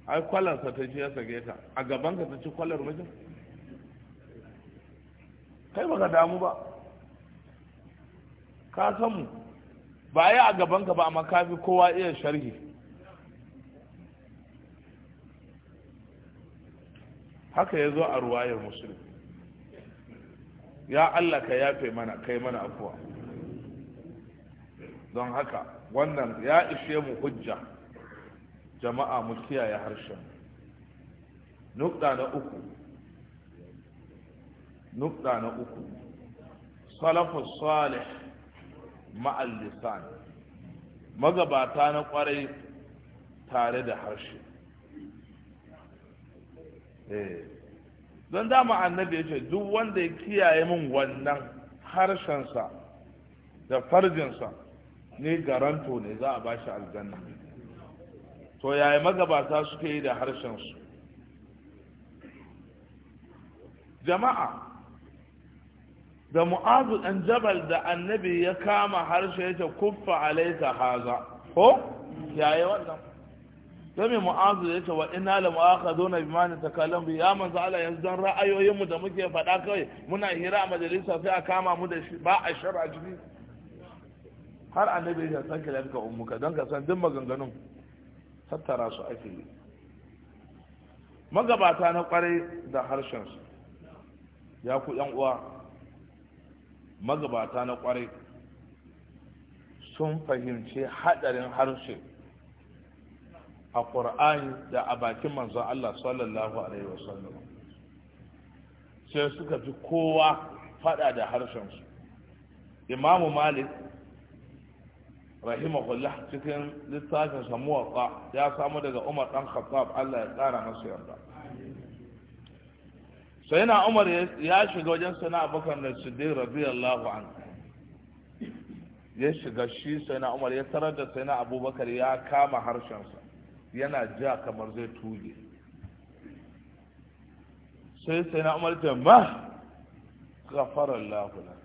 ah, ai kwallonsa ta jiya ya geta a gaban ka ta ci kwalar mijin kai baka damu ba ka san mu ba yi a gaban ka ba amma ka fi kowa iya sharhi haka ya zo a ruwayar musulun ya Allah ka yafe mana kai mana afuwa don haka wannan ya ishe mu hujja jama'a mu kiyaye harshen nukta na uku nukta na uku salafus salih ma'al lisan magabata na kwarai tare da harshe eh. don dama annabi ya ce duk wanda ya kiyaye min wannan harshensa da farjinsa ne garanto ne za a ba shi aljanna to yaya magabata suke yi da harshen su jama'a da mu'azu ɗan jabal da annabi ya kama harshe ya ce kuffa alaika haza ko yaya wannan zami mu'azu ya ce wa ina la mu'akhaduna bima natakallamu bi ya manzo Allah yanzu don ra'ayoyin mu da muke faɗa kawai muna hira a majalisa sai a kama mu da shi ba a shar'a jini har annabi ya san kilan ka ummuka don ka san duk maganganun tattara su ake yi magabata na kwarai da harshen su ya ku yan uwa magabata na kwarai sun fahimci hadarin harshe a ƙur'ani da a bakin manzon Allah sallallahu alaihi wasallam sai suka fi kowa fada da harshen su. imamu malik rahimahullah cikin littafin sa muwaqqa ya samu daga Umar dan Khattab Allah ya tsara masa yarda sai na Umar ya shiga wajen sana Abubakar da Siddiq radiyallahu anhu ya shiga shi sai na Umar ya tarar da sai na Abubakar ya kama harshen sa yana ja kamar zai tuge sai sai na Umar ta ma ghafara Allah lana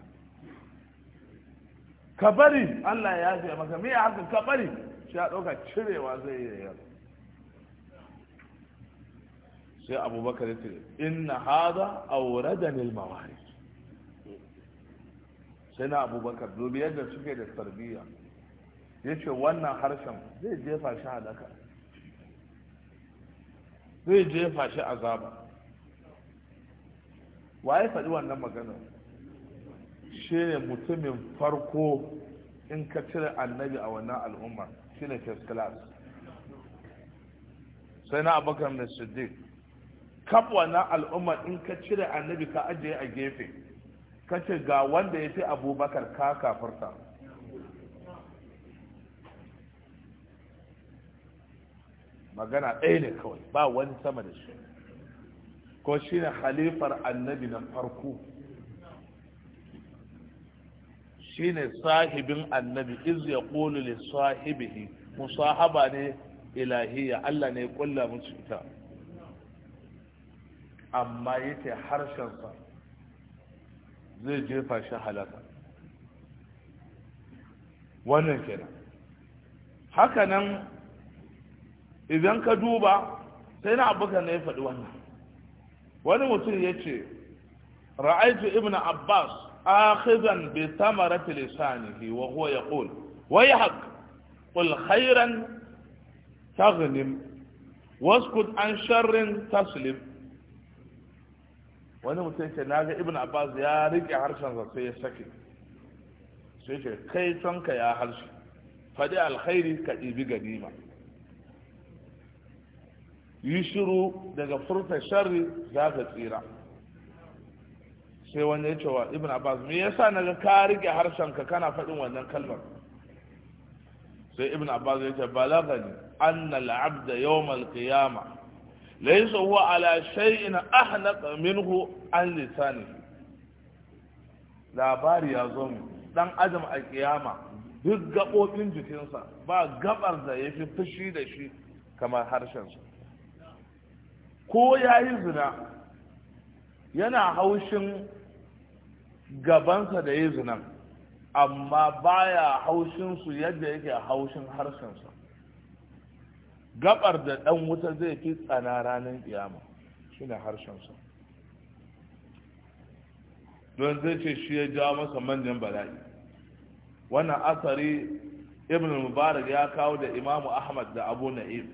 ka bari Allah ya yafe maka me haka ka bari shi ya ɗauka cirewa zai yi yau sai abubakar ya ce inna a awradani da nilmawari sai na abubakar dubi yadda suke da tarbiyya ya ce wannan harshen zai jefa shi daka. zai jefa shi azaba waye faɗi wannan maganar Shi ne mutumin farko in ka cire annabi a wannan al'umma ne first class sai na abokan da siddiq kaf wannan al'umma in ka cire annabi ka ajiye a gefe ka ce ga wanda ya fi abubakar ka kafarta magana ɗaya ne kawai ba wani sama da shi ko shi ne halifar annabi na farko shine sahibin annabi iz ya qulu li sahibihi musahaba ne ilahiya Allah ne kulla musu ita amma yake harshensa zai jefa shi halaka wannan kenan hakanan idan ka duba sai na abuka ne ya faɗi wannan wani mutum ya ce ra'aitu ibn abbas akhizan bi samarati lisanihi wa huwa yaqul wayhak qul khairan taghnim waskut an sharrin taslim wani mutum ce naga ibn abbas ya rike harshensa sai ya sake sai ce kai sonka ya harshe faɗi alkhairi ka ɗibi ganima yi shiru daga furta sharri za ka tsira sai wani ya ce wa ibn abbas me yasa naga ka rike harshenka kana faɗin wannan kalmar sai ibn abbas ya ce balagani anna al-abda yawm al-qiyama laysa huwa ala shay'in ahnaq minhu an lisani labari ya zo mu dan adam a kiyama duk gabobin jikinsa ba gabar da yafi fushi da shi kamar harshensa ko yayi zina yana haushin gabansa da ya zinan amma baya haushinsu yadda yake haushin harshensa gabar da 'dan wuta zai fi tsana ranar ƙiyama harshen harshensa don zai ce shi ya jawo masa manjan bala'i wannan asari ibn mubarak ya kawo da imamu ahmad da abu na'im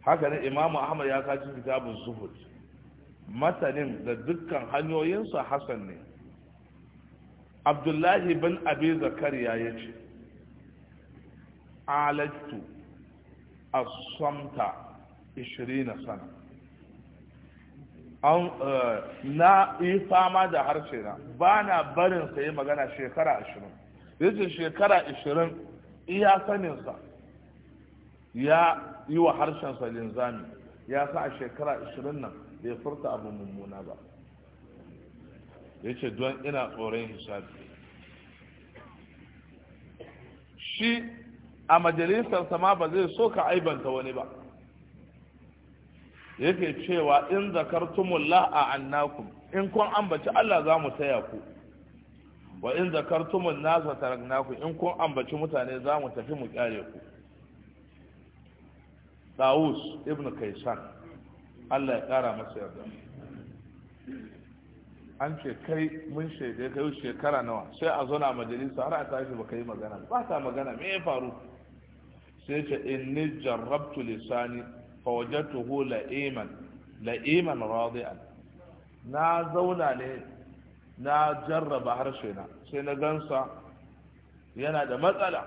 haka ne imamu ahmad ya kawo kitabun zuhud matanin da dukkan hanyoyinsa hasan ne abdullahi bin abi zakariya ya ce alattu asamta 20 sana eh, na yi fama da harshe na ba na barin sa magana shekara ashirin, yace shekara ashirin iya saninsa ya yi wa harshensa linzami ya sa a shekara ashirin nan bai furta abin mummuna ba ya ce don ina tsoron hisabi shi a majalisar sama ba zai so ka aibanta wani ba yake cewa in zakartumullah a annakum in kun ambaci Allah za mu taya ku wa in zakartumun nasa taraknakum in kun ambaci mutane za mu tafi mu kyare ku Dawus ibn Kaisan Allah ya kara masa yarda an ce kai mun shaida kai shekara nawa sai a zo na majalisa har a tashi baka yi magana ba ta magana me ya faru sai ce ni jarrabtu lisani fa wajadtuhu la'iman la'iman radian na zauna ne na jarraba harshe na sai na gansa yana da matsala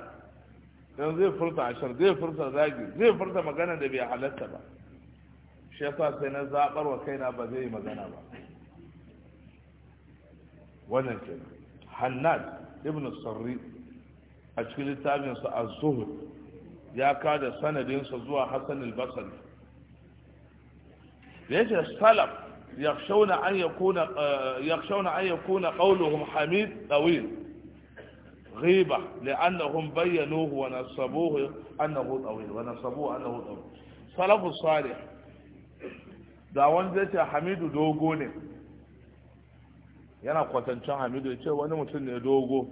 dan zai furta ashar zai furta zagi zai furta magana da bai halatta ba shi yasa sai na zabar wa kaina ba zai yi magana ba wannan ke hannad ibn sarri a cikin littafinsa a zuhur ya kada sanadinsa zuwa hassan al-basri da yake salaf yakshawna an yakuna yakshawna an yakuna qawluhum hamid tawil ghiba li'annahum bayyanuhu wa nasabuhu annahu tawil wa nasabuhu annahu tawil salafu salih da wanda ya hamidu dogo ne yana kwatancin hamidu ya ce wani mutum ne dogo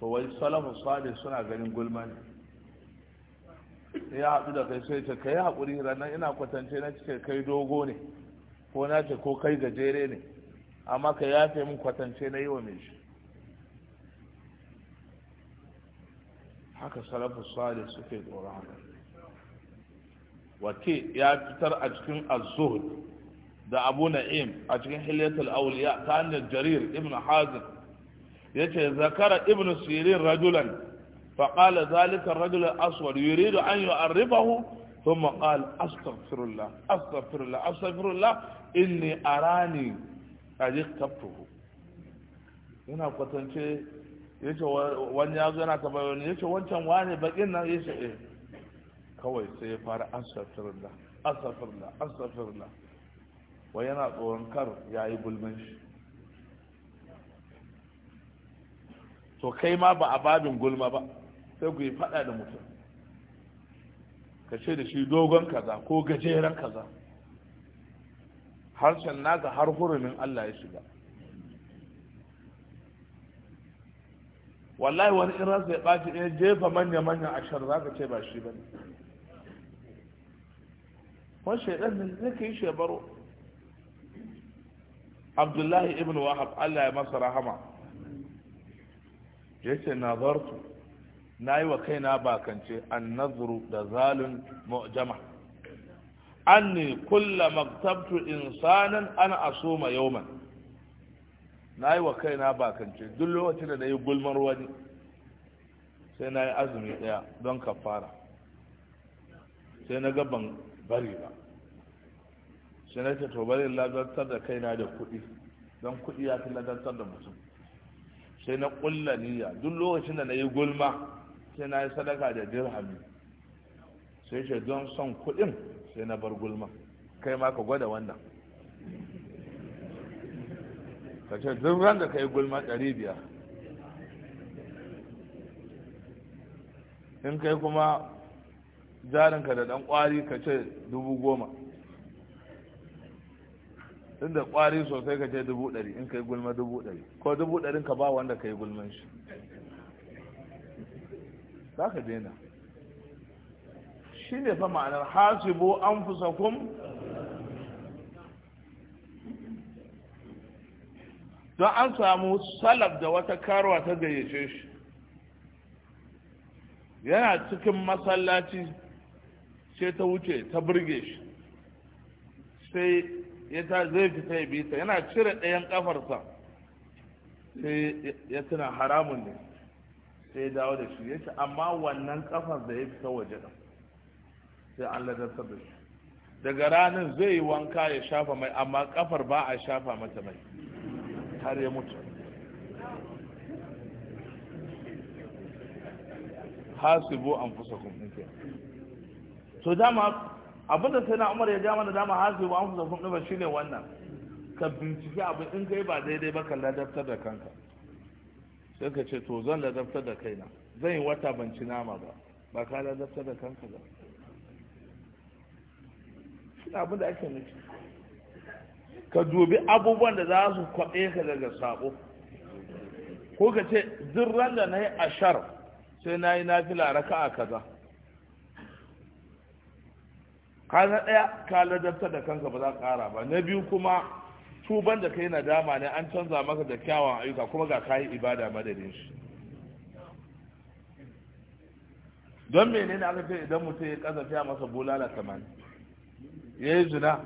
to wai salafu sale suna ganin gulma ne ya haɗu da kai sai ce kai haƙuri ranar ina kwatance na ce kai dogo ne ko na ce ko kai gajere ne amma ka yafe min kwatance na yi wa mai shi haka salafu sale suke tsoron haka wake ya fitar a cikin azuhud da abu na'im a cikin hilyatul auliya ta hanyar jarir ibn hazin ya ce zakara ibn sirin rajulan faƙala zalikan rajulan aswad yuridu an yi arribahu ثم قال استغفر الله استغفر الله استغفر الله inni arani ajiktabtuhu yana kwatance ya ce wani ya yazo yana ta bayo ya ce wancan wani bakin nan ce eh kawai sai ya fara astaghfirullah astaghfirullah astaghfirullah wai yana tsoron kar ya yi gulman shi to kai ma ba a babin gulma ba sai ku yi faɗa da mutum ka ce da shi dogon kaza ko gajeren kaza harshen naka har hurumin Allah ya shiga wallahi wani irin zai ya ɓaci ya jefa manya-manya a shar za ka ce ba shi ba ne wani shaidan ne zai ka yi shebaro abdullahi ibn wahab allah ya masa rahama ya ce nazartu na yi wa kaina bakance an nazuru da zalun mu'jama anni kulla maktabtu insanan ana asoma yauman na yi wa kaina bakance duk lokacin da na yi gulmar wani sai na yi azumi daya don kafara sai na gaban bari ba shi na ce to bari ladantar da kaina da kuɗi don kuɗi ya fi ladantar da mutum sai na ƙulla niyya duk lokacin da na yi gulma sai na yi sadaka da dirhami sai ce don son kuɗin sai na bar gulma kai ma ka gwada wannan ka ce duk ran da ka yi gulma ɗari biyar in kai kuma jarinka da ɗan ƙwari ka ce dubu goma inda kwari sosai ka ce dubu ɗari in ka yi gulma dubu ɗari ko dubu ɗarin ka ba wanda ka yi gulman shi za ka daina shi ne fa ma'anar hasibu an fusa kum don an samu salaf da wata karuwa ta gayyace shi yana cikin masallaci ce ta wuce ta burge shi sai ya ta zai fita ya bisa yana cire ɗayan ƙafarsa sai ya tuna haramun ne sai ya dawo da shi ya ce amma wannan ƙafar da ya fita waje ɗan sai an ladarsa da shi daga ranar zai yi wanka ya shafa mai amma ƙafar ba a shafa mata mai har ya mutu hasibu an fusa kun to dama abinda sai na umar ya ja mana dama hasi wa amsa kun shi shine wannan ka binciki abin in kai ba daidai ba ka ladabtar da kanka sai ka ce to zan ladabtar da kaina zan yi wata ban ci nama ba ba ka ladabtar da kanka ba shine abin da ake nufi ka dubi abubuwan da za su kwaɓe ka daga sabo ko ka ce duk ran da na yi ashar sai na yi nafila raka'a kaza ka na ɗaya ka ladabta da kanka ba za ka ƙara ba na biyu kuma tuban da kai nadama ne an canza maka da kyawun ayyuka kuma ga yi ibada madadin shi don menene aka ce idan mutum ya kasafi a masa bulala tamanin ya yi zina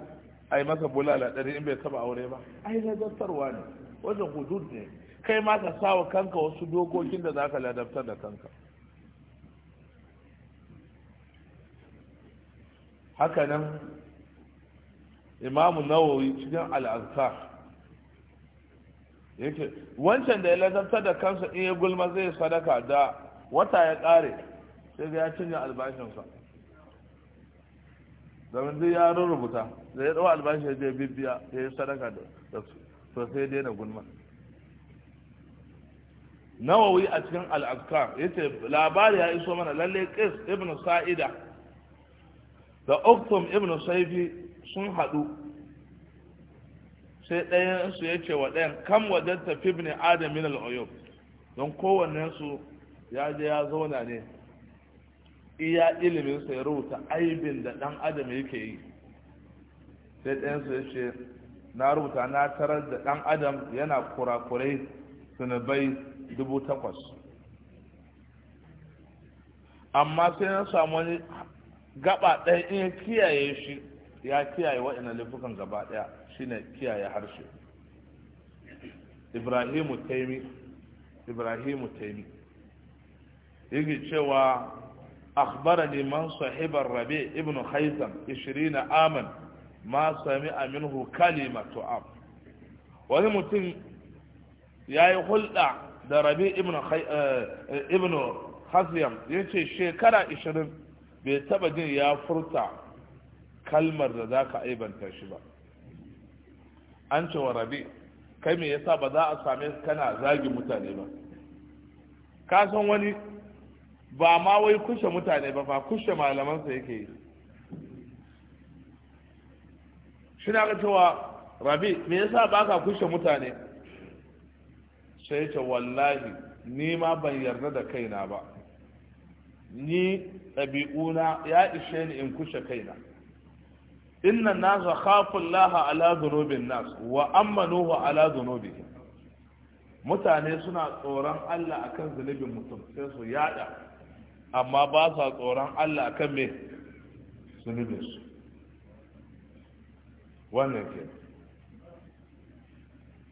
a yi masa bulala ɗari in bai taba aure ba ai ladabtarwa ne wajen hudud ne kai ma ka sawa kanka wasu dokokin da za ka ladabtar da kanka haka nan imamu nawawi cikin al'azkar yake wancan da ya lantarta da kansa in ya gulma zai sadaka da wata ya ƙare sai ga ya cinye albashinsa domin duk ya rubuta da ya ɗau albashi ya bibbiya ya yi sadaka da su to sai daina gulma nawawi a cikin al'azkar yace labari ya iso mana lalle qis ibn sa'ida da uktum ibn saifi sun haɗu sai ɗayan su ya ce wa ɗayan kam wajen tafi ibn adam min don kowanne su ya je ya zauna ne iya ilimin sai rubuta aibin da ɗan adam yake yi sai ɗayan su ya na rubuta na tarar da ɗan adam yana kurakurai sinabai dubu takwas amma sai na samu wani gaba ɗaya in ya kiyaye shi ya kiyaye waɗannan laifukan gaba ɗaya shine kiyaye harshe ibrahimu taimi ibrahimu taimi yake cewa أخبرني من صاحب الربيع ابن خيثم عشرين عاما ما سمع منه كلمة am? wani mutum ya yi hulɗa da rabi ibn hasiyam eh, ya shekara ishirin. bai taba jin ya furta kalmar da za ka aibanta shi ba an ce wa rabi kai me yasa ba za a same kana zagi mutane ba ka san wani ba ma wai kushe mutane ba ba kushe malamansa yake yi shi na cewa rabi me yasa ba ka kushe mutane sai ce wallahi ni ma ban yarda da kaina ba ni ɗabi'una ya ishe ni in kushe kaina inna nasa khafu Allah ala dhunubin nas wa ammanuhu ala dhunubihim mutane suna tsoron Allah akan zunubin mutum sai su yada amma ba sa tsoron Allah akan me zunubin su wannan ke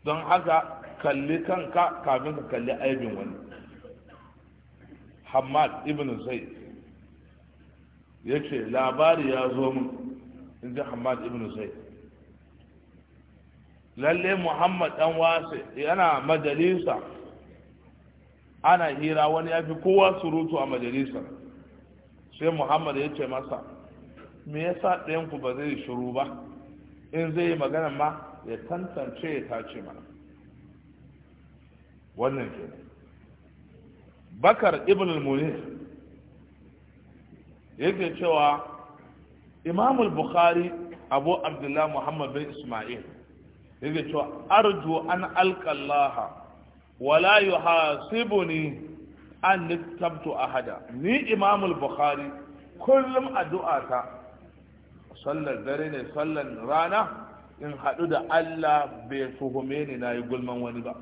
don haka kalli kanka kafin ka kalli aibin wani Hamad ibn Zaid ya ce labari ya zo min in ji hamad ibn zaid lalle muhammad dan wase yana majalisa ana hira wani ya fi kowa surutu a majalisa sai muhammad ya ce masa me yasa ɗayanku ba zai shiru ba in zai yi magana ma ya tantance ya tace mana wannan ke. bakar ibn al-munir yake cewa imamul bukhari abu abdullahi muhammad bin ismail yake cewa arju an alƙallaha wala yuhasibuni an nittabtu ahada ni imamul bukhari kullum addu'ata sallar dare ne sallar rana in haɗu da Allah bai tuhume ni na yi gulman wani ba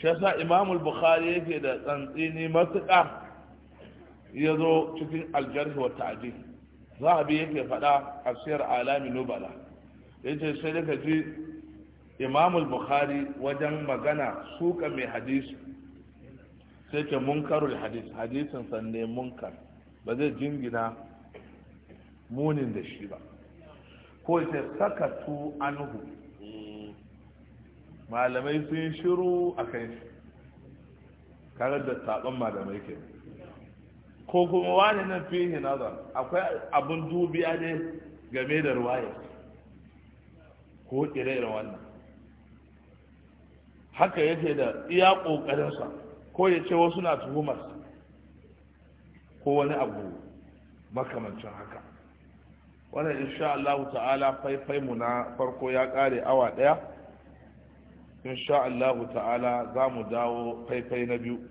shi yasa imamul bukhari yake da tsantsini matuƙa ya zo cikin aljarhi wa ta'adil biya yake faɗa a siyar alami nubala ya ce sai daga ji imamul bukhari wajen magana suka mai hadisi sai ce munkarul hadis hadisin sanne munkar ba zai jingina munin da shi ba ko ce tu anhu malamai sun shiru a kai shi karar da saɓon malamai kenan ko kuma wani nan fihi nazar akwai abun dubiya ne game da ruwaya ko kire wannan haka yake da iya ƙoƙarinsa ko ya ce wasu na tuhumar ko wani abu makamancin haka wannan insha Allah ta'ala faifai mu na farko ya ƙare awa ɗaya insha Allah ta'ala za mu dawo faifai na biyu